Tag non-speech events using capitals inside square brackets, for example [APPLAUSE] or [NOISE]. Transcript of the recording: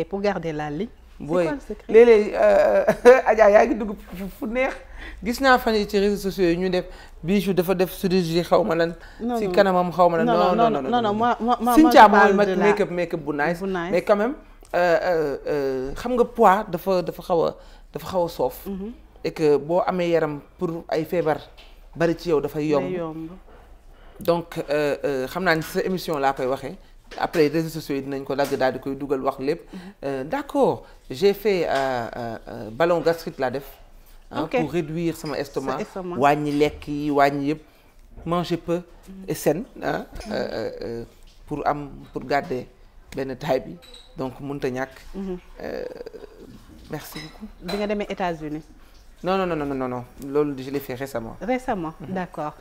Et pour garder la ligne. booy léeg-léeg euh, [LAUGHS] Adja yaa ngi dugg fu neex gis naa fan yi ci réseaux sociaux yi ñu def Bijou dafa def chirurgie xaw ma lan. si kanamam xaw ma lan. non non non non non moi moi moi Cynthia mooy make up make up bu nice mais quand même euh, euh, xam nga poids dafa dafa xaw a dafa xaw a soof. Mm-hmm. et que boo amee yaram pour ay feebar bari ci yow dafay yomb. donc xam naa ni sa émission laa koy waxee. après réseaux sociaux yi dinañ ko dagg daal di koy dugal wax lépp euh, d'accord j'ai fait euh, euh, ballon gastrique laa def pour réduire sama estomac wàññi lekk yi wàññi yëpp manger peu et mm-hmm. pour am pour garder benn taille bi donc mënut a ñàkk mm-hmm. merci beaucoup bi nga demee États-Unis non non non non non loolu je l'ai récemment mm-hmm. d'accord